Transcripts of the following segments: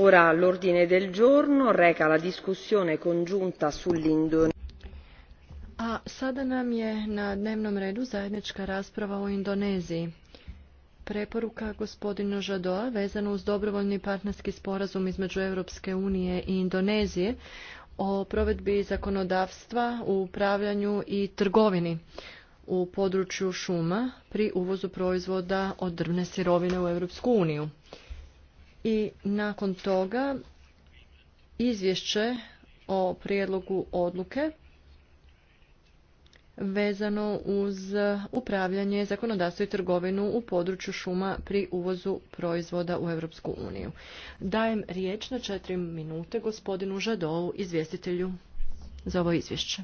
del giorno reca la discussione a sada nam je na dnevnom redu zajednička rasprava o Indoneziji. Preporuka gospodina Žadoa vezana uz dobrovoljni partnerski sporazum između Europske unije i Indonezije o provedbi zakonodavstva u upravljanju i trgovini u području šuma pri uvozu proizvoda od drvne sirovine u Europsku uniju i nakon toga izvješće o prijedlogu odluke vezano uz upravljanje zakonodavstvo i trgovinu u području šuma pri uvozu proizvoda u Europsku uniju. Dajem riječ na četiri minute gospodinu Žadovu, izvjestitelju za ovo izvješće.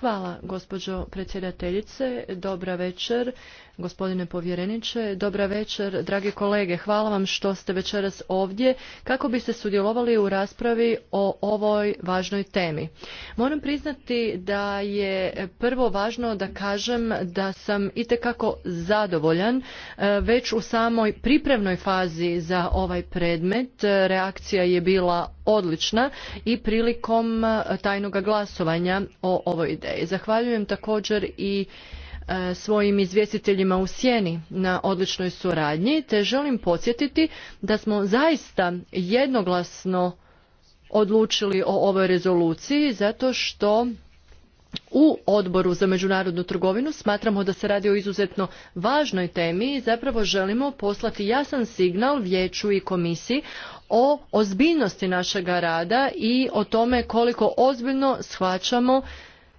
Hvala, gospođo predsjedateljice. Dobra večer, gospodine povjereniče. Dobra večer, dragi kolege. Hvala vam što ste večeras ovdje kako biste sudjelovali u raspravi o ovoj važnoj temi. Moram priznati da je prvo važno da kažem da sam itekako zadovoljan e, već u samoj pripremnoj fazi za ovaj predmet. Reakcija je bila odlična i prilikom e, tajnog glasovanja o ovoj ideji. Zahvaljujem također i e, svojim izvjestiteljima u sjeni na odličnoj suradnji te želim podsjetiti da smo zaista jednoglasno odlučili o ovoj rezoluciji zato što u odboru za međunarodnu trgovinu smatramo da se radi o izuzetno važnoj temi i zapravo želimo poslati jasan signal vijeću i komisiji o ozbiljnosti našega rada i o tome koliko ozbiljno shvaćamo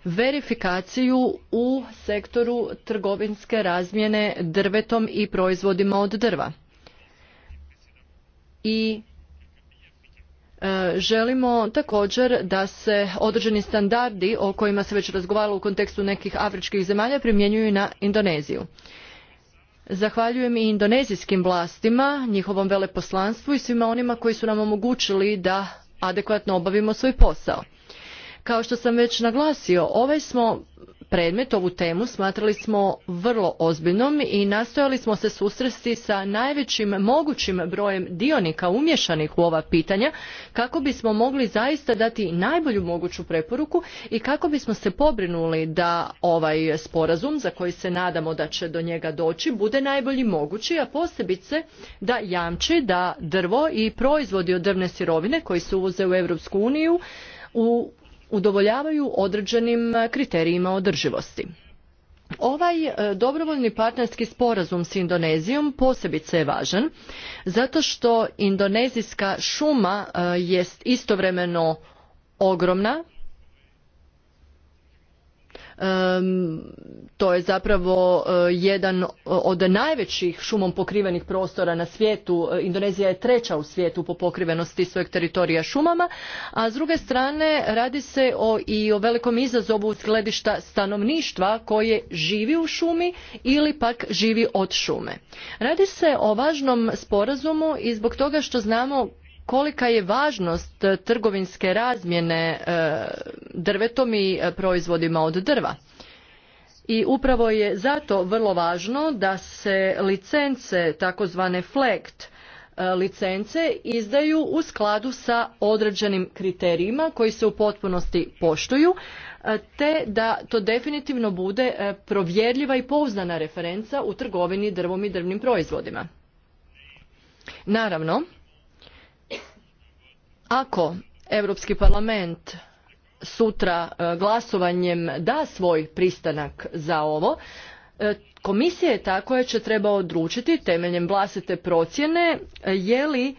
verifikaciju u sektoru trgovinske razmjene drvetom i proizvodima od drva. I e, želimo također da se određeni standardi o kojima se već razgovaralo u kontekstu nekih afričkih zemalja primjenjuju na Indoneziju. Zahvaljujem i indonezijskim vlastima, njihovom veleposlanstvu i svima onima koji su nam omogućili da adekvatno obavimo svoj posao. Kao što sam već naglasio, ovaj smo predmet, ovu temu smatrali smo vrlo ozbiljnom i nastojali smo se susresti sa najvećim mogućim brojem dionika umješanih u ova pitanja kako bismo mogli zaista dati najbolju moguću preporuku i kako bismo se pobrinuli da ovaj sporazum za koji se nadamo da će do njega doći bude najbolji mogući, a posebice da jamči da drvo i proizvodi od drvne sirovine koji se uvoze u Europsku uniju u udovoljavaju određenim e, kriterijima održivosti. Ovaj e, dobrovoljni partnerski sporazum s Indonezijom posebice je važan zato što indonezijska šuma e, jest istovremeno ogromna to je zapravo e, jedan od najvećih šumom pokrivenih prostora na svijetu. E, Indonezija je treća u svijetu po pokrivenosti svojeg teritorija šumama, a s druge strane radi se o, i o velikom izazovu gledišta stanovništva koje živi u šumi ili pak živi od šume. Radi se o važnom sporazumu i zbog toga što znamo kolika je važnost e, trgovinske razmjene e, drvetom i e, proizvodima od drva. I upravo je zato vrlo važno da se licence, takozvane FLECT, licence izdaju u skladu sa određenim kriterijima koji se u potpunosti poštuju, te da to definitivno bude provjerljiva i pouzdana referenca u trgovini drvom i drvnim proizvodima. Naravno, ako Europski parlament sutra e, glasovanjem da svoj pristanak za ovo, e, komisija je ta koja će treba odlučiti temeljem vlastite procjene e, je li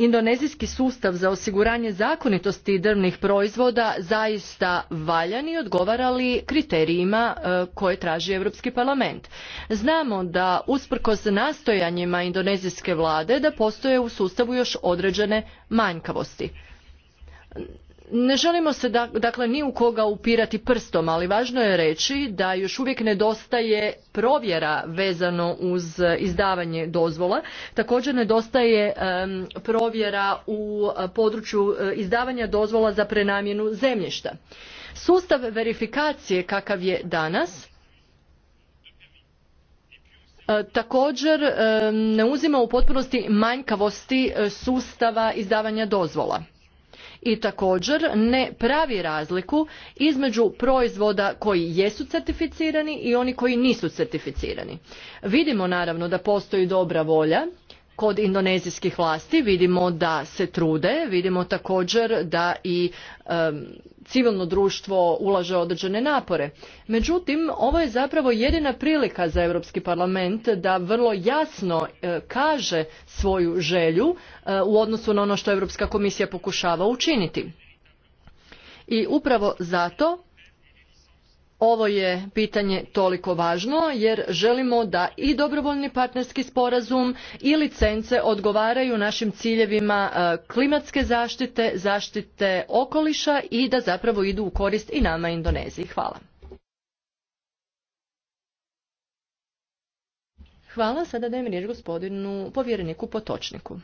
indonezijski sustav za osiguranje zakonitosti drvnih proizvoda zaista valjan i odgovara li kriterijima e, koje traži Europski parlament. Znamo da usprkos nastojanjima indonezijske vlade da postoje u sustavu još određene manjkavosti ne želimo se dakle ni u koga upirati prstom, ali važno je reći da još uvijek nedostaje provjera vezano uz izdavanje dozvola. Također nedostaje provjera u području e, izdavanja dozvola za prenamjenu zemljišta. Sustav verifikacije kakav je danas e, također ne uzima u potpunosti manjkavosti e, sustava izdavanja dozvola i također ne pravi razliku između proizvoda koji jesu certificirani i oni koji nisu certificirani. Vidimo naravno da postoji dobra volja kod indonezijskih vlasti vidimo da se trude vidimo također da i civilno društvo ulaže određene napore međutim ovo je zapravo jedina prilika za europski parlament da vrlo jasno e, kaže svoju želju e, u odnosu na ono što europska komisija pokušava učiniti i upravo zato ovo je pitanje toliko važno jer želimo da i dobrovoljni partnerski sporazum i licence odgovaraju našim ciljevima e, klimatske zaštite, zaštite okoliša i da zapravo idu u korist i nama Indoneziji. Hvala. Hvala, sada dajem riječ gospodinu povjereniku Potočniku.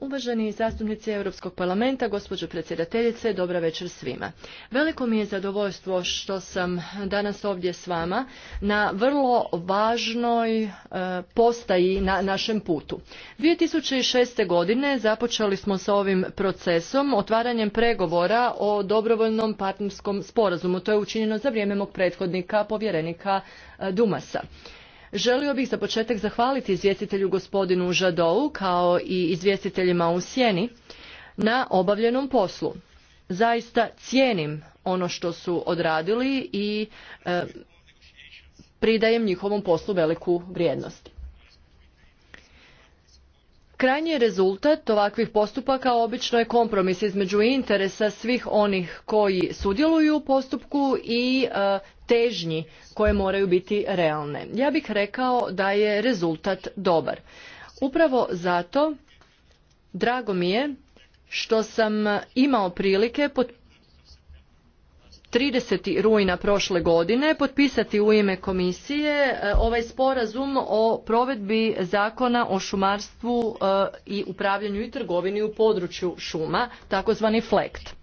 Uvaženi zastupnici Europskog parlamenta, gospođo predsjedateljice, dobra večer svima. Veliko mi je zadovoljstvo što sam danas ovdje s vama na vrlo važnoj e, postaji na našem putu. 2006. godine započeli smo sa ovim procesom otvaranjem pregovora o dobrovoljnom partnerskom sporazumu. To je učinjeno za vrijeme mog prethodnika, povjerenika e, Dumasa. Želio bih za početak zahvaliti izvjestitelju gospodinu Žadovu kao i izvjestiteljima u Sjeni na obavljenom poslu. Zaista cijenim ono što su odradili i eh, pridajem njihovom poslu veliku vrijednost. Krajnji rezultat ovakvih postupaka obično je kompromis između interesa svih onih koji sudjeluju u postupku i e, težnji koje moraju biti realne. Ja bih rekao da je rezultat dobar. Upravo zato drago mi je što sam imao prilike 30. rujna prošle godine potpisati u ime komisije e, ovaj sporazum o provedbi zakona o šumarstvu e, i upravljanju i trgovini u području šuma, takozvani FLECT.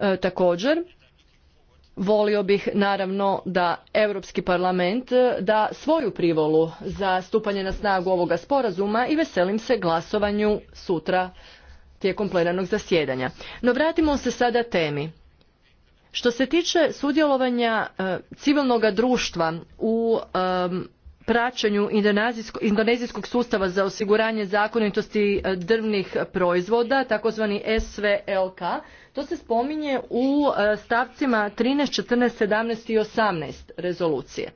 E, također, volio bih naravno da Europski parlament da svoju privolu za stupanje na snagu ovoga sporazuma i veselim se glasovanju sutra tijekom plenarnog zasjedanja. No vratimo se sada temi. Što se tiče sudjelovanja e, civilnog društva u e, praćenju indonezijskog sustava za osiguranje zakonitosti e, drvnih proizvoda, takozvani SVLK, to se spominje u stavcima 13, 14, 17 i 18 rezolucije.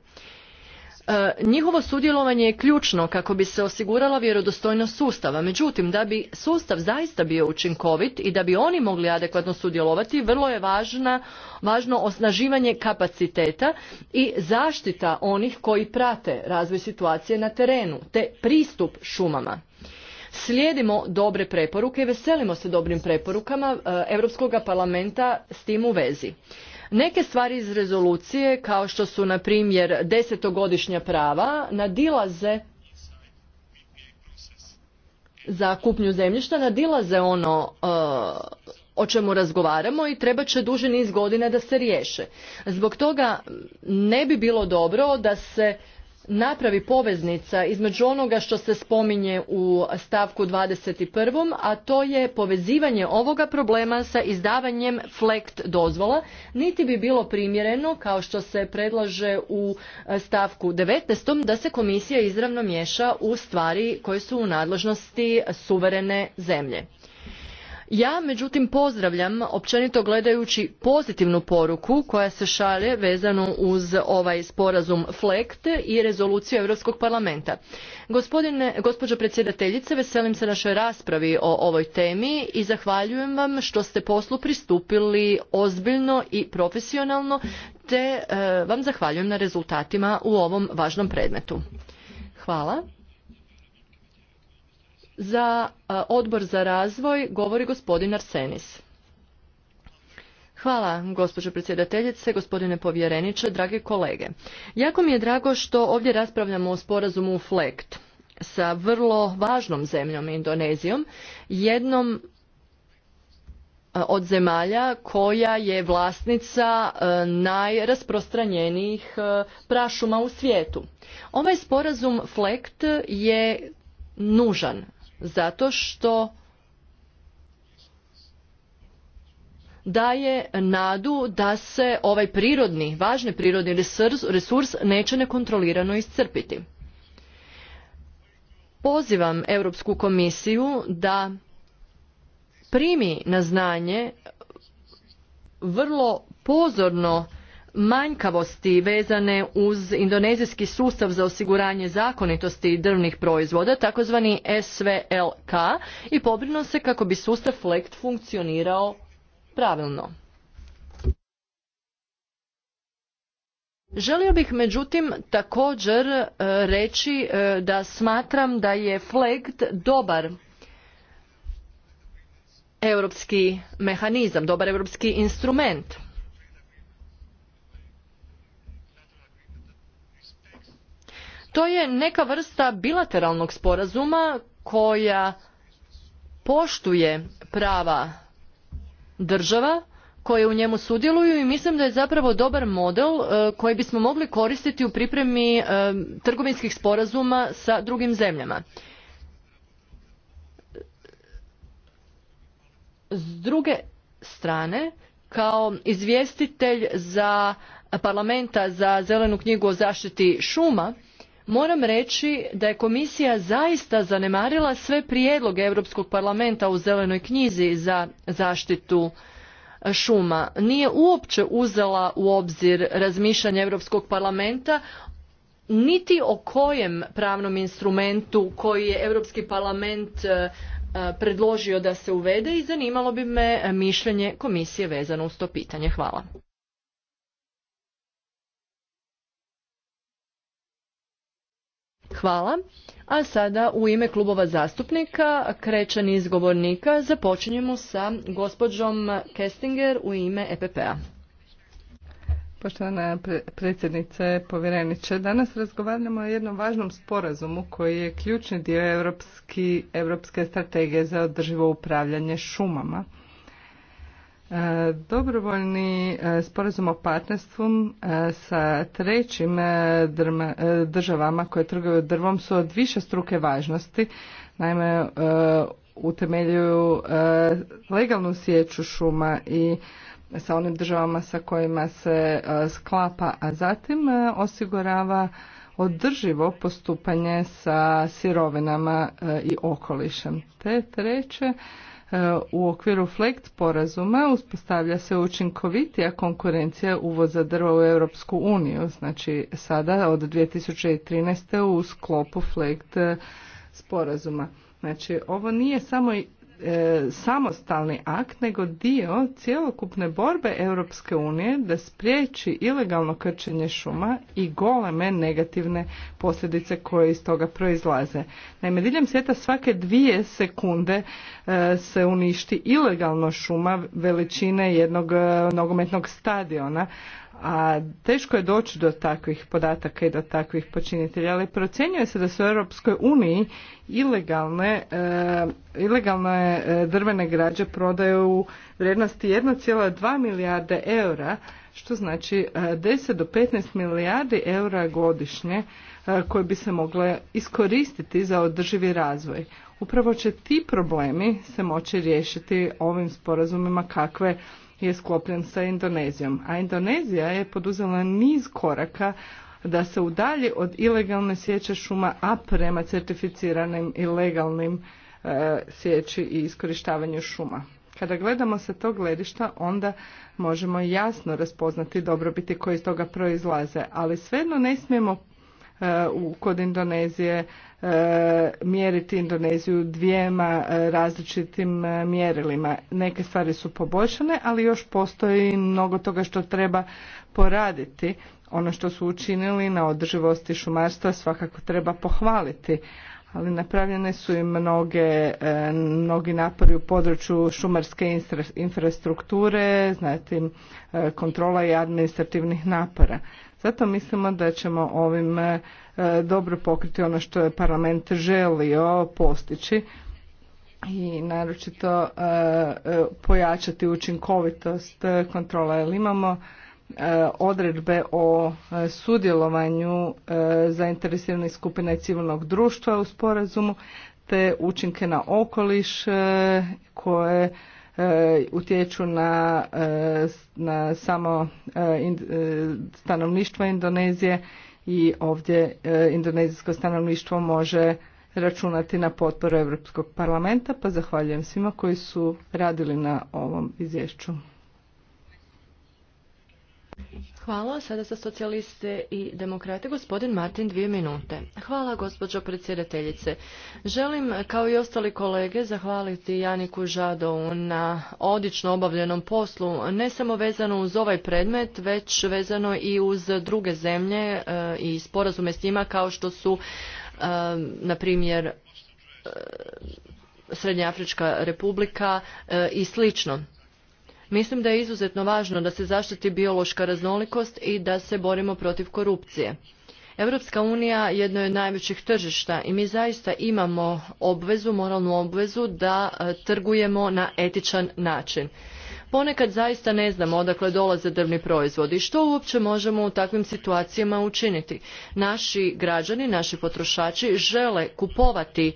E, njihovo sudjelovanje je ključno kako bi se osigurala vjerodostojnost sustava. Međutim, da bi sustav zaista bio učinkovit i da bi oni mogli adekvatno sudjelovati, vrlo je važna, važno osnaživanje kapaciteta i zaštita onih koji prate razvoj situacije na terenu, te pristup šumama. Slijedimo dobre preporuke i veselimo se dobrim preporukama e, Europskog parlamenta s tim u vezi. Neke stvari iz rezolucije, kao što su, na primjer, desetogodišnja prava, nadilaze za kupnju zemljišta, nadilaze ono uh, o čemu razgovaramo i treba će duže niz godina da se riješe. Zbog toga ne bi bilo dobro da se napravi poveznica između onoga što se spominje u stavku 21. a to je povezivanje ovoga problema sa izdavanjem flekt dozvola niti bi bilo primjereno kao što se predlaže u stavku 19. da se komisija izravno miješa u stvari koje su u nadležnosti suverene zemlje ja međutim pozdravljam općenito gledajući pozitivnu poruku koja se šalje vezano uz ovaj sporazum flegt i rezoluciju europskog parlamenta Gospodine, gospođo predsjedateljice veselim se našoj raspravi o ovoj temi i zahvaljujem vam što ste poslu pristupili ozbiljno i profesionalno te eh, vam zahvaljujem na rezultatima u ovom važnom predmetu hvala za odbor za razvoj govori gospodin Arsenis. Hvala, gospođo predsjedateljice, gospodine povjereniče, drage kolege. Jako mi je drago što ovdje raspravljamo o sporazumu FLECT sa vrlo važnom zemljom Indonezijom, jednom od zemalja koja je vlasnica najrasprostranjenijih prašuma u svijetu. Ovaj sporazum FLECT je nužan zato što daje nadu da se ovaj prirodni, važni prirodni resurs, neće nekontrolirano iscrpiti. Pozivam Europsku komisiju da primi na znanje vrlo pozorno manjkavosti vezane uz indonezijski sustav za osiguranje zakonitosti drvnih proizvoda, takozvani SVLK, i pobrinuo se kako bi sustav FLEGT funkcionirao pravilno. Želio bih međutim također e, reći e, da smatram da je FLEGT dobar europski mehanizam, dobar europski instrument To je neka vrsta bilateralnog sporazuma koja poštuje prava država koje u njemu sudjeluju i mislim da je zapravo dobar model e, koji bismo mogli koristiti u pripremi e, trgovinskih sporazuma sa drugim zemljama. S druge strane, kao izvjestitelj za parlamenta za zelenu knjigu o zaštiti šuma, moram reći da je komisija zaista zanemarila sve prijedloge europskog parlamenta u zelenoj knjizi za zaštitu šuma nije uopće uzela u obzir razmišljanje europskog parlamenta niti o kojem pravnom instrumentu koji je europski parlament e, predložio da se uvede i zanimalo bi me mišljenje komisije vezano uz to pitanje hvala Hvala. A sada u ime klubova zastupnika krećani izgovornika, Započinjemo sa gospođom Kestinger u ime EPP-a. Poštovana predsjednice, povjereniče, danas razgovaramo o jednom važnom sporazumu koji je ključni dio Europski, Europske strategije za održivo upravljanje šumama. E, dobrovoljni e, sporazum o partnerstvu e, sa trećim državama koje trguju drvom su od više struke važnosti. Naime, utemeljuju legalnu sjeću šuma i sa onim državama sa kojima se sklapa, a zatim osigurava održivo postupanje sa sirovinama i okolišem. Te treće, E, u okviru FLEGT porazuma uspostavlja se učinkovitija konkurencija uvoza drva u Europsku uniju. Znači sada od 2013. u sklopu flekt e, sporazuma. Znači ovo nije samo E, samostalni akt, nego dio cjelokupne borbe Europske unije da spriječi ilegalno krčenje šuma i goleme negativne posljedice koje iz toga proizlaze. Naime, diljem svijeta svake dvije sekunde e, se uništi ilegalno šuma veličine jednog e, nogometnog stadiona, a teško je doći do takvih podataka i do takvih počinitelja, ali procjenjuje se da su u Europskoj uniji ilegalne, e, ilegalne e, drvene građe prodaju u vrijednosti 1,2 milijarde eura, što znači 10 e, do 15 milijardi eura godišnje koje bi se mogle iskoristiti za održivi razvoj. Upravo će ti problemi se moći riješiti ovim sporazumima kakve je sklopljen sa Indonezijom. A Indonezija je poduzela niz koraka da se udalji od ilegalne sječe šuma, a prema certificiranim i legalnim e, sječi i iskorištavanju šuma. Kada gledamo sa tog gledišta, onda možemo jasno raspoznati dobrobiti koji iz toga proizlaze, ali svejedno ne smijemo E, kod Indonezije e, mjeriti Indoneziju dvijema e, različitim mjerilima. Neke stvari su poboljšane, ali još postoji mnogo toga što treba poraditi. Ono što su učinili na održivosti šumarstva svakako treba pohvaliti, ali napravljene su i mnoge, mnogi napori u području šumarske infrastrukture, zatim kontrola i administrativnih napora. Zato mislimo da ćemo ovim e, dobro pokriti ono što je parlament želio postići i naročito e, e, pojačati učinkovitost kontrola jer imamo odredbe o sudjelovanju zainteresiranih skupina civilnog društva u sporazumu te učinke na okoliš koje E, utječu na, e, na samo e, stanovništvo Indonezije i ovdje indonezijsko stanovništvo može računati na potporu Europskog parlamenta, pa zahvaljujem svima koji su radili na ovom izvješću. Hvala. Sada sa socijaliste i demokrate gospodin Martin dvije minute. Hvala gospođo predsjedateljice. Želim kao i ostali kolege zahvaliti Janiku Žadovu na odlično obavljenom poslu, ne samo vezano uz ovaj predmet, već vezano i uz druge zemlje eh, i sporazume s njima kao što su eh, na primjer eh, Srednja Afrička republika i slično. Mislim da je izuzetno važno da se zaštiti biološka raznolikost i da se borimo protiv korupcije. Europska unija jedno je od najvećih tržišta i mi zaista imamo obvezu, moralnu obvezu da e, trgujemo na etičan način. Ponekad zaista ne znamo odakle dolaze drvni proizvodi i što uopće možemo u takvim situacijama učiniti. Naši građani, naši potrošači žele kupovati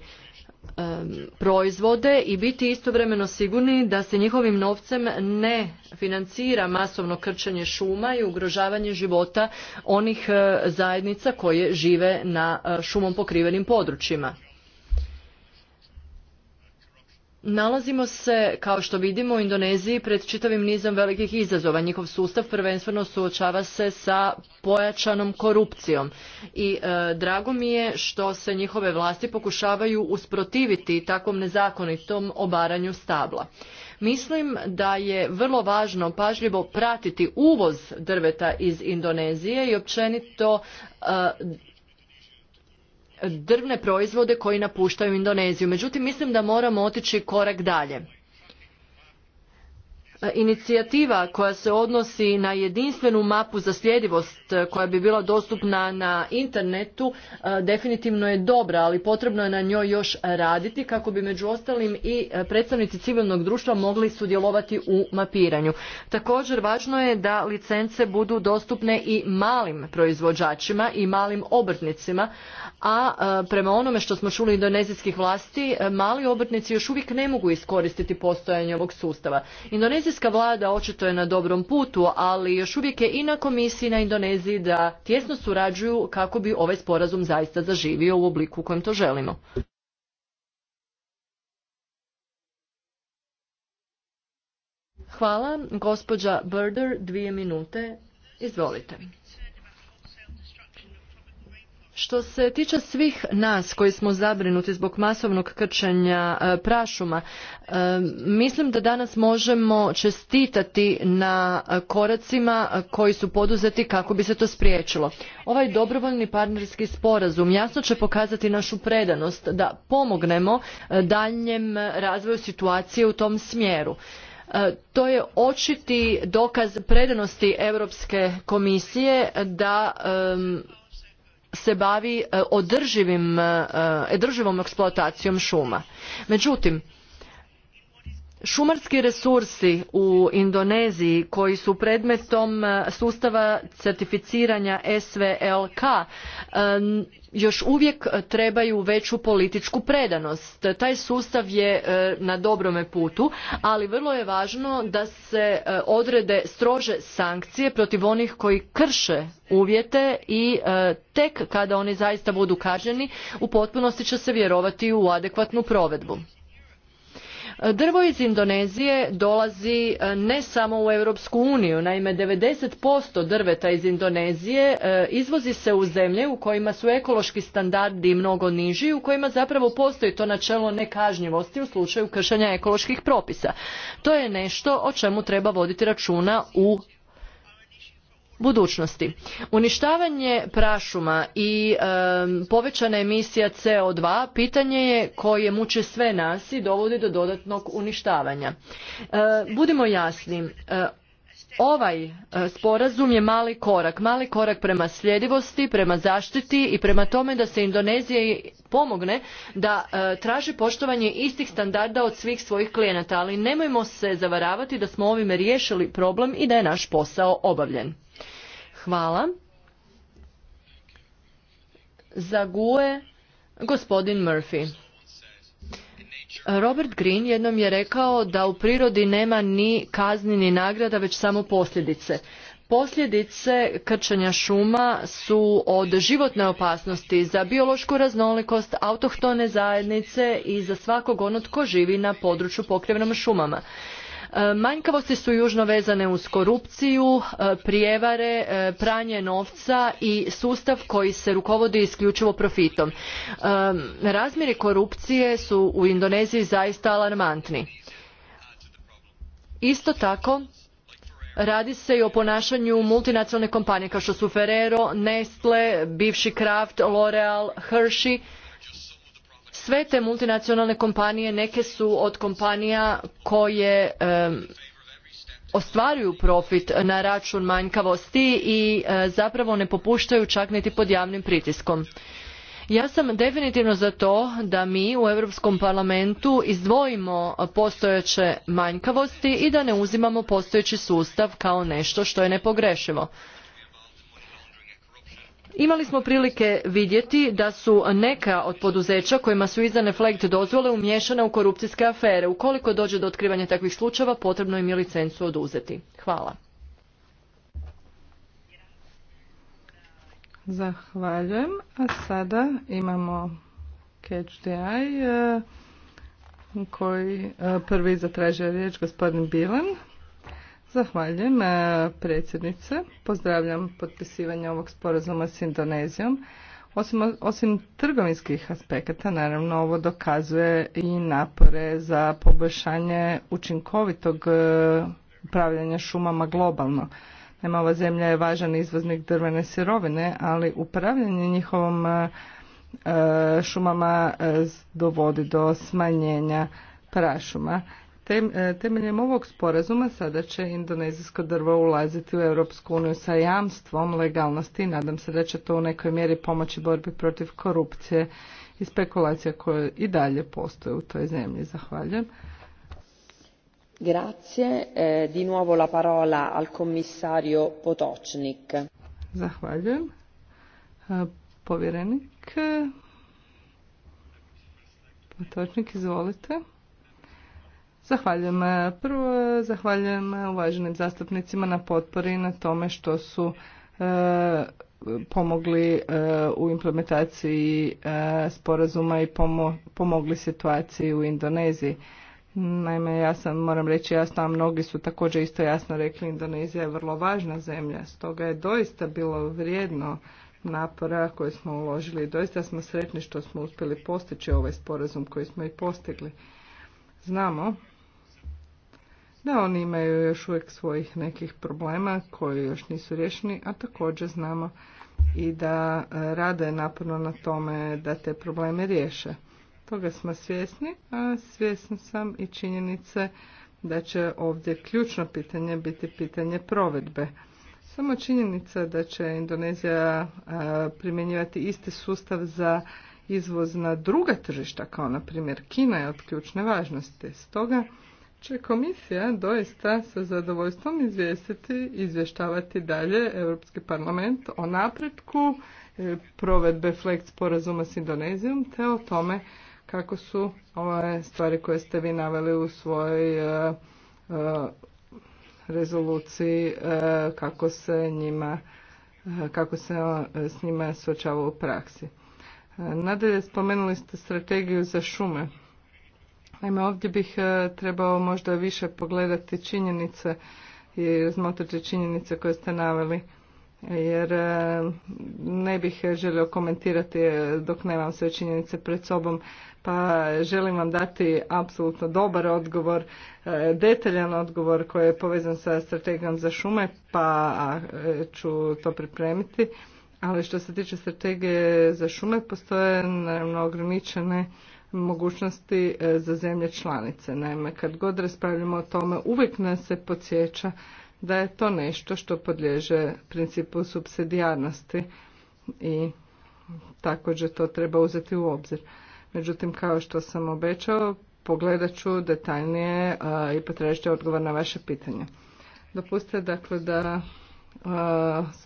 proizvode i biti istovremeno sigurni da se njihovim novcem ne financira masovno krčenje šuma i ugrožavanje života onih eh, zajednica koje žive na eh, šumom pokrivenim područjima. Nalazimo se, kao što vidimo, u Indoneziji pred čitavim nizom velikih izazova. Njihov sustav prvenstveno suočava se sa pojačanom korupcijom i e, drago mi je što se njihove vlasti pokušavaju usprotiviti takvom nezakonitom obaranju stabla. Mislim da je vrlo važno pažljivo pratiti uvoz drveta iz Indonezije i općenito e, drvne proizvode koji napuštaju Indoneziju. Međutim, mislim da moramo otići korak dalje. E, inicijativa koja se odnosi na jedinstvenu mapu za sljedivost e, koja bi bila dostupna na internetu e, definitivno je dobra ali potrebno je na njoj još raditi kako bi među ostalim i predstavnici civilnog društva mogli sudjelovati u mapiranju također važno je da licence budu dostupne i malim proizvođačima i malim obrtnicima a prema onome što smo čuli indonezijskih vlasti mali obrtnici još uvijek ne mogu iskoristiti postojanje ovog sustava Indonezija Indonezijska vlada očito je na dobrom putu, ali još uvijek je i na komisiji na Indoneziji da tjesno surađuju kako bi ovaj sporazum zaista zaživio u obliku u kojem to želimo. Hvala. Gospođa Berder, dvije minute. Izvolite. Što se tiče svih nas koji smo zabrinuti zbog masovnog krčenja e, prašuma, e, mislim da danas možemo čestitati na e, koracima koji su poduzeti kako bi se to spriječilo. Ovaj dobrovoljni partnerski sporazum jasno će pokazati našu predanost da pomognemo daljem razvoju situacije u tom smjeru to je očiti dokaz predanosti europske komisije da se bavi e, održivim, e, e, održivom eksploatacijom šuma. Međutim, Šumarski resursi u Indoneziji koji su predmetom e, sustava certificiranja SVLK e, još uvijek trebaju veću političku predanost. Taj sustav je e, na dobrome putu, ali vrlo je važno da se odrede strože sankcije protiv onih koji krše uvjete i tek kada oni zaista budu kažnjeni u potpunosti će se vjerovati u adekvatnu provedbu. Drvo iz Indonezije dolazi e, ne samo u Europsku uniju, naime 90% drveta iz Indonezije e, izvozi se u zemlje u kojima su ekološki standardi mnogo niži i u kojima zapravo postoji to načelo nekažnjivosti u slučaju kršenja ekoloških propisa. To je nešto o čemu treba voditi računa u budućnosti. Uništavanje prašuma i povećana emisija CO2 pitanje je koje muče sve nas i dovodi do dodatnog uništavanja. E, budimo jasni, e, ovaj e, sporazum je mali korak mali korak prema sljedivosti prema zaštiti i prema tome da se indoneziji pomogne da e, traži poštovanje istih standarda od svih svojih klijenata ali nemojmo se zavaravati da smo ovime riješili problem i da je naš posao obavljen hvala za guje gospodin murphy Robert Green jednom je rekao da u prirodi nema ni kazni ni nagrada, već samo posljedice. Posljedice krčanja šuma su od životne opasnosti za biološku raznolikost, autohtone zajednice i za svakog onog tko živi na području pokrivnom šumama. E, manjkavosti su južno vezane uz korupciju, e, prijevare, e, pranje novca i sustav koji se rukovodi isključivo profitom. Razmjeri korupcije su u Indoneziji zaista alarmantni. Isto tako, radi se i o ponašanju multinacionalne kompanije kao što su Ferrero, Nestle, bivši Kraft, L'Oreal, Hershey sve te multinacionalne kompanije neke su od kompanija koje ostvaruju profit na račun manjkavosti i e, zapravo ne popuštaju čak niti pod javnim pritiskom ja sam definitivno za to da mi u europskom parlamentu izdvojimo postojeće manjkavosti i da ne uzimamo postojeći sustav kao nešto što je nepogrešivo Imali smo prilike vidjeti da su neka od poduzeća kojima su izdane flegt dozvole umiješana u korupcijske afere. Ukoliko dođe do otkrivanja takvih slučajeva, potrebno im je licencu oduzeti. Hvala. Zahvaljujem. A sada imamo catch eh, koji eh, prvi zatražio riječ gospodin Bilan. Zahvaljujem e, predsjednice. Pozdravljam potpisivanje ovog sporazuma s Indonezijom. Osim, osim trgovinskih aspekata, naravno, ovo dokazuje i napore za poboljšanje učinkovitog e, upravljanja šumama globalno. Nema ova zemlja je važan izvoznik drvene sirovine, ali upravljanje njihovom e, šumama dovodi do smanjenja prašuma E, temeljem ovog sporazuma sada će indonezijsko drvo ulaziti u Europsku uniju sa jamstvom legalnosti nadam se da će to u nekoj mjeri pomoći borbi protiv korupcije i spekulacija koje i dalje postoje u toj zemlji. Zahvaljujem. Grazie. E, di nuovo la parola al commissario Potočnik. Zahvaljujem. E, povjerenik Potočnik, izvolite. Zahvaljujem. Prvo zahvaljujem uvaženim zastupnicima na potpori na tome što su e, pomogli e, u implementaciji e, sporazuma i pomogli situaciji u Indoneziji. Naime, ja sam, moram reći jasno, a mnogi su također isto jasno rekli, Indonezija je vrlo važna zemlja, stoga je doista bilo vrijedno napora koje smo uložili i doista smo sretni što smo uspjeli postići ovaj sporazum koji smo i postigli. Znamo da oni imaju još uvijek svojih nekih problema koji još nisu riješeni, a također znamo i da e, rade naporno na tome da te probleme riješe. Toga smo svjesni, a svjesna sam i činjenice da će ovdje ključno pitanje biti pitanje provedbe. Samo činjenica da će Indonezija e, primjenjivati isti sustav za izvoz na druga tržišta, kao na primjer Kina, je od ključne važnosti. Stoga komisija doista sa zadovoljstvom izvijestiti, izvještavati dalje Europski parlament o napretku e, provedbe FLEX sporazuma s Indonezijom te o tome kako su ove stvari koje ste vi naveli u svojoj e, e, rezoluciji kako se njima kako se s njima suočava u praksi. Nadalje spomenuli ste strategiju za šume. Naime, ovdje bih e, trebao možda više pogledati činjenice i razmotriti činjenice koje ste naveli jer e, ne bih želio komentirati e, dok nemam sve činjenice pred sobom, pa želim vam dati apsolutno dobar odgovor, detaljan odgovor koji je povezan sa strategijom za šume, pa ću to pripremiti. Ali što se tiče strategije za šume, postoje naravno ograničene mogućnosti e, za zemlje članice. Naime, kad god raspravljamo o tome, uvijek nas se podsjeća da je to nešto što podliježe principu subsidijarnosti i također to treba uzeti u obzir. Međutim, kao što sam obećao, pogledat ću detaljnije e, i potražite odgovor na vaše pitanje. Dopustite dakle da e,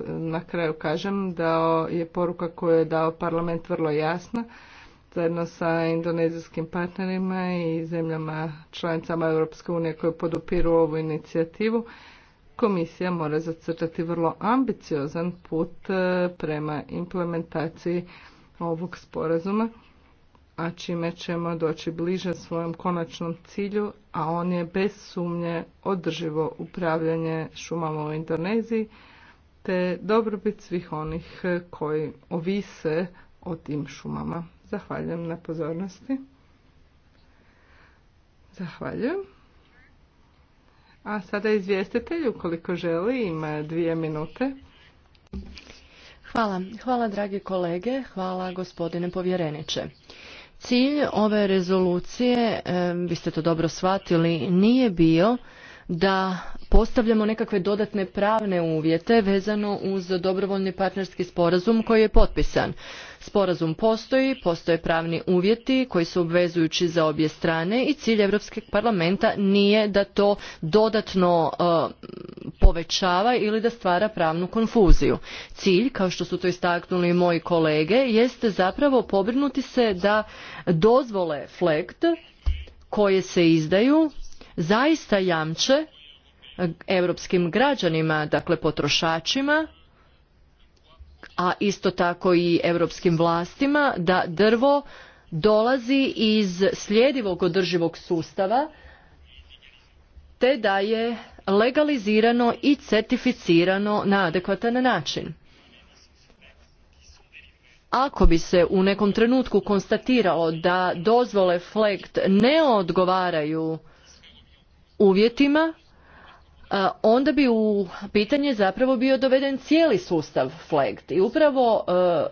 na kraju kažem da je poruka koju je dao parlament vrlo jasna zajedno sa indonezijskim partnerima i zemljama članicama Europske unije koje podupiru ovu inicijativu, komisija mora zacrtati vrlo ambiciozan put e, prema implementaciji ovog sporazuma, a čime ćemo doći bliže svojom konačnom cilju, a on je bez sumnje održivo upravljanje šumama u Indoneziji, te dobrobit svih onih e, koji ovise o tim šumama. Zahvaljujem na pozornosti. Zahvaljujem. A sada izvjestitelj, ukoliko želi, ima dvije minute. Hvala. Hvala, dragi kolege. Hvala, gospodine povjereniče. Cilj ove rezolucije, vi ste to dobro shvatili, nije bio da postavljamo nekakve dodatne pravne uvjete vezano uz dobrovoljni partnerski sporazum koji je potpisan. Sporazum postoji, postoje pravni uvjeti koji su obvezujući za obje strane i cilj Europskog parlamenta nije da to dodatno e, povećava ili da stvara pravnu konfuziju. Cilj, kao što su to istaknuli moji kolege, jeste zapravo pobrinuti se da dozvole FLEGT koje se izdaju zaista jamče europskim građanima, dakle potrošačima, a isto tako i europskim vlastima da drvo dolazi iz slijedivog održivog sustava te da je legalizirano i certificirano na adekvatan način. Ako bi se u nekom trenutku konstatiralo da dozvole FLEGT ne odgovaraju uvjetima onda bi u pitanje zapravo bio doveden cijeli sustav flegt i upravo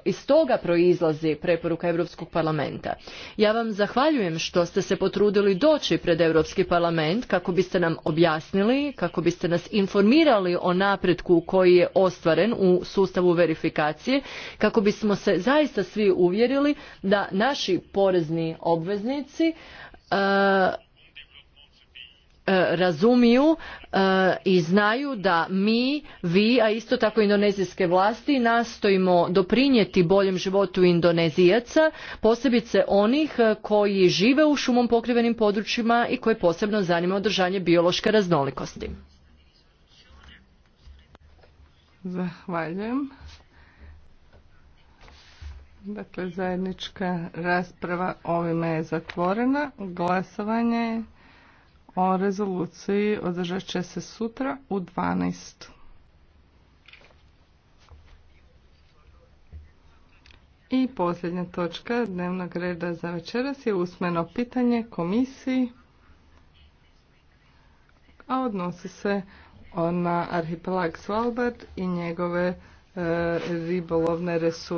iz toga proizlazi preporuka europskog parlamenta ja vam zahvaljujem što ste se potrudili doći pred europski parlament kako biste nam objasnili kako biste nas informirali o napretku koji je ostvaren u sustavu verifikacije kako bismo se zaista svi uvjerili da naši porezni obveznici E, razumiju e, i znaju da mi, vi, a isto tako indonezijske vlasti nastojimo doprinijeti boljem životu indonezijaca, posebice onih e, koji žive u šumom pokrivenim područjima i koje posebno zanima održanje biološke raznolikosti. Zahvaljujem. Dakle, zajednička rasprava ovime je zatvorena. Glasovanje o rezoluciji održat će se sutra u 12. I posljednja točka dnevnog reda za večeras je usmeno pitanje komisiji, a odnosi se na arhipelag Svalbard i njegove e, ribolovne resurse.